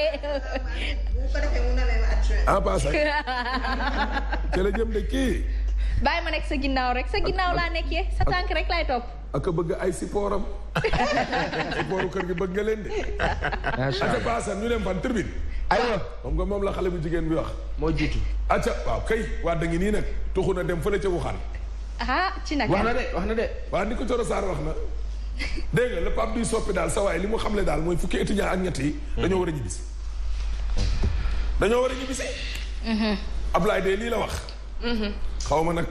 en ah, passant ca la jëm de kii. bàyyi ma nekk sa ginnaaw rek sa ginnaaw laa nekkee sa tànk rek laay topp. ak bëgg ay sipooram. sipooru kër gi bëgg nga leen de. macha allah passant ñu dem fan tribune. aywa ah, moom nga moom la xale bu jigéen bi wax. moo jiitu. acca waaw kay waa da ngi nii nag tuxu na dem fële ca Wuhan. ah ci nag. wax na de wax na de. waa ni ko Coro Sarr wax na. dégg nga le pape soppi daal sa waay li mu xamle daal mooy fukki étudiant ak ñetti hmm. dañoo war a ñibbisi. dañoo war a ñibbisi. Mhm. Ablaye de lii la wax. Mhm. xaw ma nag.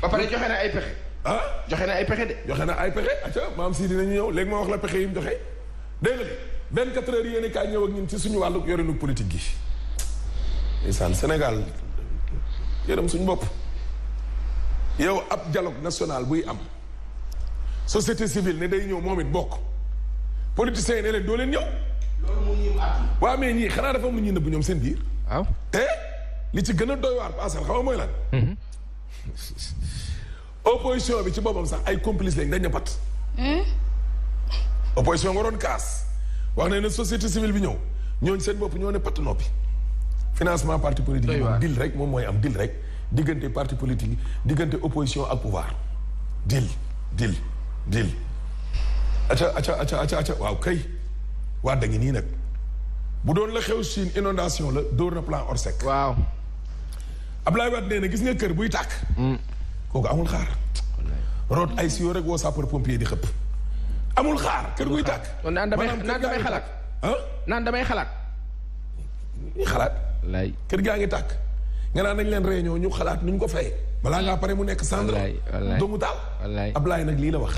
ba pare joxe na ay pexe. ah joxe na ay pexe de. joxe na ay pexe acca maam si dina ñu ñëw léegi ma wax la pexe yi mu joxe dégg nga benn 24 heures yéen kaay ñëw ak ñun ci suñu wàllu yorinu politique gi. ndeysaan Sénégal yërëm suñu bopp yow ab dialogue national buy am société civile ne day ñëw moom it bokk politiciens yi ne leen doo leen ñëw. loolu moo ñuy waaw xanaa dafa am lu ñuy nëbb ñoom seen biir. waaw te li ci gën a doy waar paasal xam mooy lan. Mm-hmm. opposition bi ci boppam sax ay complice lañ dañ ne pat. Hmm? opposition waroon kaas wax ne ne société civile bi ñëw ñooñ seen bopp ñoo ne pat noppi. financement parti politique yi moom deal rek moom mooy am deal rek diggante parti politique yi diggante opposition ak pouvoir deal deal deal. acca acca acca acca waaw kay. waa da nii nag bu doon la xew Chine inondation la dóor na plan Orsec. waaw Ablaye Wade nee na gis nga kër buy tàkk. Mm. kooku amul xaar. root ay si yoo rek woo sapeur pompier di xëpp. amul xaar kër guy tàkk. naan damay naan damay xalaat. naan damay xalaat. ñuy xalaat. kër gaa ngi tàkk. nga naan nañ leen réunion ñu xalaat nuñ ko fay. balaa ngaa pare mu nekk cendre. wallaay wallaay doomu taal. wallaay Ablaye nag lii la wax.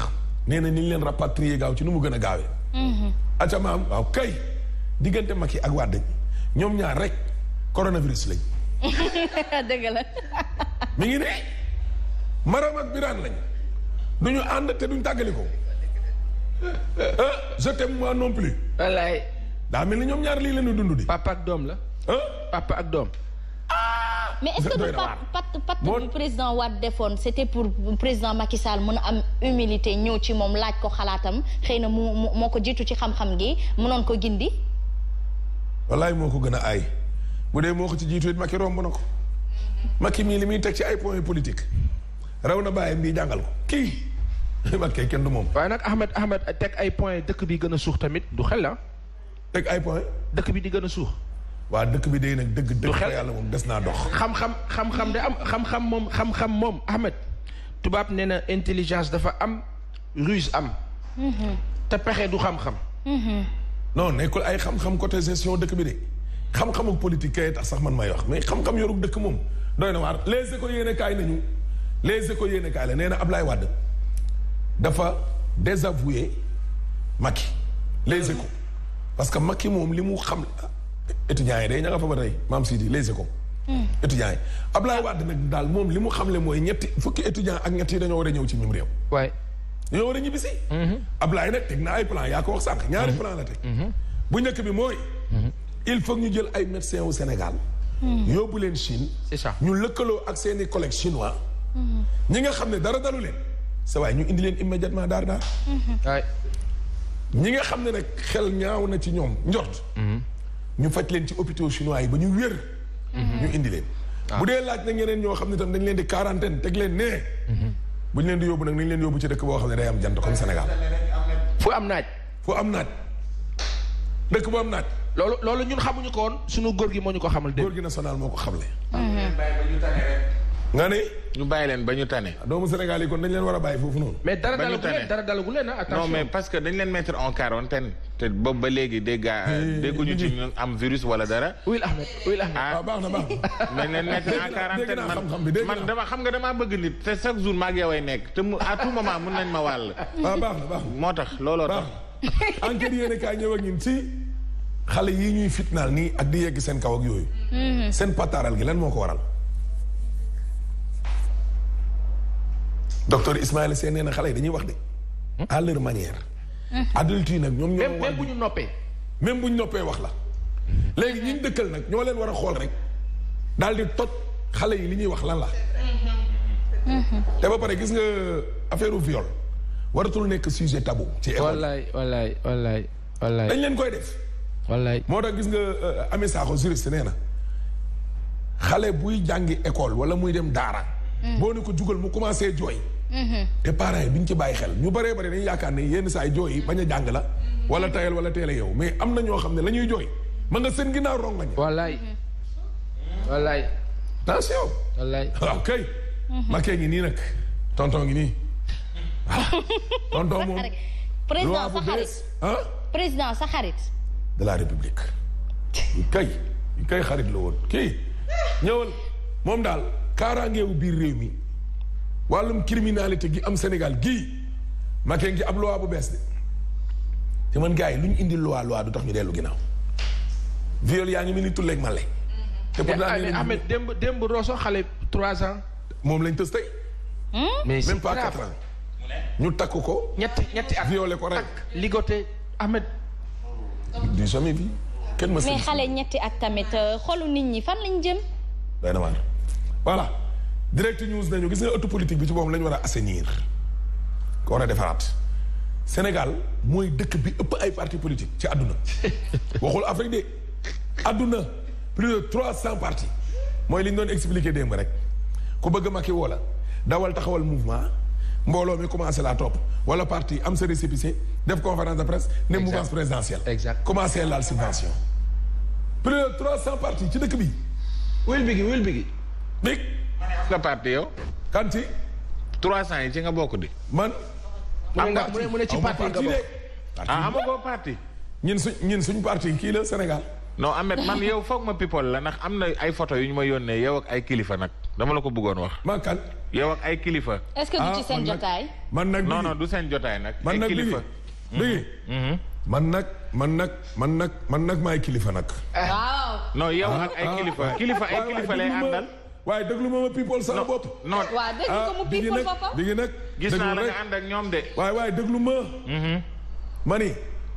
nee na ni ñu leen rapatrier gaaw ci nu mu gën a gaawee. Mm-hmm. acamaam waaw kay diggante yi ak Wade ñoom ñaar rek coronavirus lañ dëgg la mi ngi ne Maram ak Birane lañ du ñu ànd te duñ tàggali ko eh, je t'aime moi non plus wallaay daa mel ni ñoom ñaar lii lañu dund di papa ak doom la eh? papa ak doom mais est-ce que du pacte pacte bu président Wade defoon c'était pour président Macky Sall mën a am humilité ñëw ci moom laaj ko xalaatam xëy na mu moo ko jiitu ci xam-xam gi mënoon ko gindi. wallaay moo ko gën a ay bu dee moo ko ci jiitu it Macky romb na ko Macky mii li muy teg ci ay points politique rew na bàyyi mbii jàngal ko kii Macky kenn du moom. waaye nag Ahmed Ahmed teg ay points dëkk bi gën a suux tamit du xel la. Ah. teg ay points. dëkk bi di gën a suux. waa dëkk bi day nag dëgg dëgg fa yàlla moom des naa dox xam-xam xam am xam-xam moom xam-xam moom Ahmed tubaab nee na intelligence dafa am ruse am mhm. te pexe du xam-xam mhm. non nekkul ay xam-xam côté gestion dëkk bi de xam-xamu politique kay tax sax man may wax mais xam-xam yorug dëkk moom doy na waar les écoles yéene kaay nañu les écoles yéene kaay la nee na Ablaye Wade dafa désavoué Macky les écoles parce que Macky moom li mu xam étudiants yi day ña nga fa ba tey maam Sidi les échos. Hmm. étudiants yi Ablaye Wade nag daal moom li mu xam le mooy ñetti fukki étudiants ak ñett yi dañoo war a ñëw ci ñum réew. waay dañoo war a ñibbisi. Mm-hmm. na ay plan yaa sànq ñaari mm-hmm. plan la teg. Mm-hmm. bu njëkk bi mooy. il faut ñu jël ay médecins au Sénégal. yóbbu leen Chine. c'est ñu lëkkaloo ak seeni i collègues chinois. ñi nga xam ne dara dalu leen. sa waay ñu indi leen immédiatement daar daar. ñi nga xam ne nag xel ñaaw na ci ñoom njort. ñu faj leen ci hôpitaux chinois yi ba ñu wér. Mhm. ñu indi leen. Ah. bu dee laaj na ñeneen ñoo xam ne tam dañ leen di quarantaine teg leen nee. Mhm. bu ñu leen di yóbbu nag nañ leen yóbbu ci dëkk boo xam ne day am jant comme Sénégal. fu am naaj. fu am naaj. dëkk bu am naaj. loolu loolu ñun xamuñu ko woon suñu góor gi moo ñu ko xamal. góor gi national moo ko xamle. Mhm. nga ne. ñu bàyyi leen ba ñu tane. Ah, doomu Sénégal yi kon dañ leen war a bàyyi foofu noonu. mais dara dalagu leen dara dalagu leen ah, attention non mais parce que dañ leen mettre en quarantaine te boobu ba léegi dégg euh, dégguñu ci ñu am virus wala dara. la Ahmed oui Ahmed. Ah. ah baax na baax na. dañ leen mettre en man man dama xam nga damaa bëgg nit te chaque jour maa ngi ay nekk te mu à tout mun nañ ma wàll. moo tax looloo tax. enquête yéen a kaay ñëw ak si xale yii ñuy fitnaal nii ak di yegg seen kaw ak yooyu. Mm-hmm. seen pataaral gi lan moo ko waral docteur Ismaïla Sène nee na xale yi dañuy wax de. Hmm? à manière. Eh. adulte nag ñoom ñoo. même bu ñu noppee. même bu ñu noppee wax la. léegi ñi ñu dëkkal nag ñoo leen war a xool rek daal di toj xale yi li ñuy wax lan la. Mm-hmm. te ba pare gis nga affaire viol waratul nekk sujet tabu ci école wallaay dañ leen koy def. wallaay moo tax gis nga euh, Ami Sakho juriste nee na xale buy jàngi école wala muy dem daara. Mm. boo ne ko jugal mu commencé jooy. Mm-hmm. te parents bi ñu ci bàyyi xel ñu bëree bëri dañuy yaakaar ne yenn saa yi jooy yi bañ a jàng la wala tayal wala teel a yow mais am na ñoo xam ne la jooy ma nga seen ginnaaw rongañ wallaay mm-hmm. wallaay tension wallaay waaw ah, kay mm-hmm. makee ngi nii nag tonton ngi nii waaw ah. tonton moom ah? président sa xarit de la république yu kay xarit la woon kii ñëwal moom daal kaaraangeewu biir réew mi wàllum criminalité gi am Sénégal gii Macky ngi ab loi bu bees de te man gars yi lu ñu indi loi loi du tax ñu dellu ginnaaw viol yaa ngi mel ni tulleeg male te pourtant ah, mais Ahmed démb démb Rosso xale trois ans moom lañ tës tey hmm? même pas quatre ans ñu takk ko ñetti ñetti at violé ko rek ligoté Ahmed du jamais vu kenn ma mais xale ñetti at tamit euh, xolu nit ñi fan lañ jëm day direct news nañu gis nga ëttu politique bi ci boobu la ñu war a assainir ko war a defaraat Sénégal mooy dëkk bi ëpp ay partie politique ci àdduna waxul Afrique de adduna plus trois cent partis mooy li ñu doon expliqué démb rek ku bëgg Macky woo la dawal taxawal mouvement mbooloo mi commencé laa topp wala parti am sa récépissé def conférence de presse ne mouvance présidentielle exact commencé laal subvention plus de trois cent partis ci dëkk bi wil bigi wil am nga parti yow. kan ci. 300 yi ci nga bokk di. man. nga mu ne mu ne ci parti nga bokk ah amagoo parti. ñun suñ ñun suñ kii la Sénégal. non amet man yow foog ma people la ndax am na ay photo yu ñu ma yónnee yow ak ay kilifa nag dama la ko bëggoon wax. man kan. yow ak ay kilifa. est-ce que du ci ah, seen jotaay. man nag non du seen jotaay nag. man nag kilifa. Mm-hmm. Mm-hmm. man nag man nag man nag man nag maay kilifa nag. waaw. non yow ah, ak ay ah, kilifa kilifa ay kilifa lay àndal. waaye déglu ma ma people sama bopp. non waaw déglu ah, ko mu people nag gis naa la nga ànd ak ñoom de. waaye waaye déglu mhm. ma. ma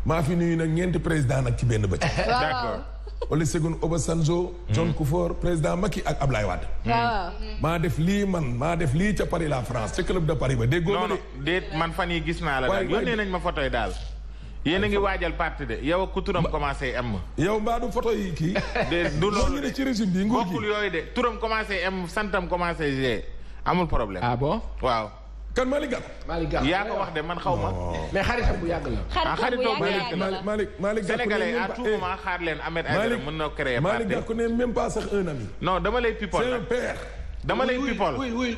maa fi nuyu nag ñeenti président nag ci benn bëccëg. waaw d'accord. Olusegun Obasanjo. Mhm. John Kufuor président Macky ak Ablaye Wade. Mhm. waaw. maa def lii man maa def lii ca Paris la France ca club de Paris ba déggoo ma de. déet man fan yi gis naa la daal yónnee nañ ma photo yi daal. yéen a ngi waajal parti de yow ku turam commencé M. yow mbaa du photo yi kii. du loolu de ci régime bi nguur gi yooyu de turam commencé M santam commencé G amul problème. ah bon waaw. kan Malick Gakou. Malick yaa ko wax de man xaw ma. Oh. mais xaritam bu yàgg la. xaritam bu yàgg la Malick eh, xaar leen Ahmed Aïdara mën na créer parti. dama lay people. c'est dama lay people. oui oui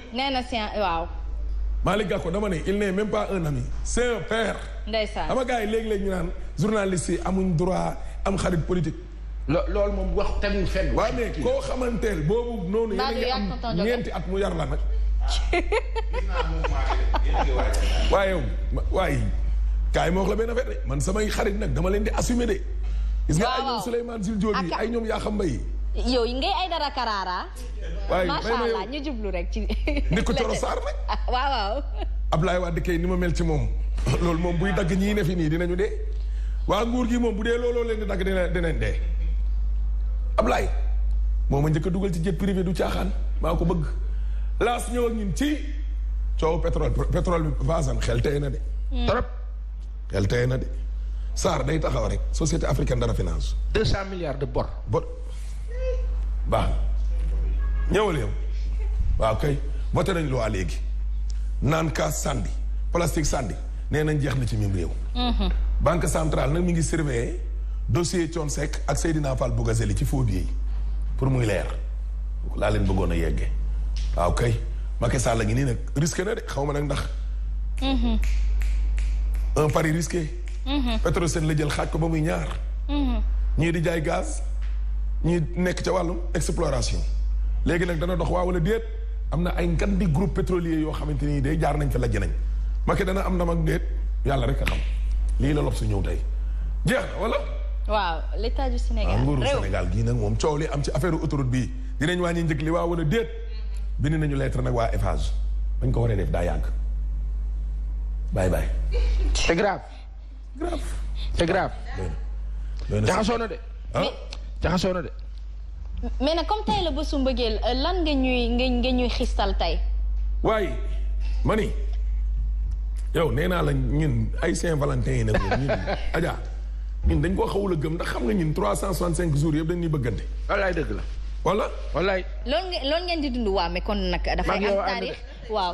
waaw. Malick Gakou dama ne il n'est même pas un ami c'est un père. yi léegi-léegi ñu naan journaliste yi amuñ droit am xarit politique. lo loolu moom wax tamit fenn. waaw mais koo xamanteel boobu noonu. yéen a ngi am ñeenti at mu yar la nag. waaye waaye kaay ma wax la benn de man samay xarit nag dama leen di assumer de. gis nga ay ñoom Souleymane Jules Diop yi ay ñoom yaa xam mbay yow ngay ay dara karaara. waay allah ñu jublu rek ci. ni ko Coro Sarr nag. waaw waaw. Ablaye Wade kay ni ma mel ci moom. loolu moom buy dagg ñii ne fi nii dinañu de waa nguur gi moom bu dee looloo leen di dagg dina dinañ dee. Ablaye moom a njëkk a dugal ci jet privé du caaxaan maa ko bëgg. laas ñëw ak ci coow pétrole pétrole bi xel tey na de. Hmm. trop xel tey na de. Sarr day taxaw rek société africaine dara finance. de cent milliards de bor. baax na ñëwal yow waaw kay voté nañ loi léegi naan ka sàndi plastique sàndi nee nañ jeex na ci même réew. Mhm. banque centrale nag mi ngi surveiller dossier Thione Seck ak Seydina Fall Bougazelli ci faux billets yi pour muy leer laa leen bëggoon a yeggee waaw kay Macky Sall la ngi nii nag risqué na de xaw ma nag ndax. Mhm. un pari risqué. Mhm. Petrosen la jël xaaj ko ba muy ñaar. ñii di jaay gaz. ñu nekk ca wàllu exploration léegi nag dana dox waa wala déet am na ay ngan di groupe pétrolier yoo xamante nii day jaar nañ fa lajj nañ Macky dana am ndam ak déet yàlla rek a xam lii la lob su ñëw tey jeex na wala. waaw l'état du Sénégal réew nguuru Sénégal gii nag moom coow li am ci affaire autoroute bi dinañ wàññi njëg li waa wala déet bind nañu lettre nag waa Eiffage bañ ko waree def daa yàgg bye bye. c'est grave. grave c'est grave. jaxasoo de. Ah. jaxasoo na de. mais nag comme tey la bésu mbëggeel euh, lan nga ñuy nga ñuy xistal tey. waaye mani yow nee naa la ñun ay Saint-Valentin yi nag ñun Adja ñun dañ koo xawul a gëm ndax xam nga ñun trois cent soixante cinq jours yëpp dañuy bëggante. wallaay dëgg la. wala. wallaay. loolu ngeen loolu ngeen di dund waa mais kon nag. dafay am taarix waaw.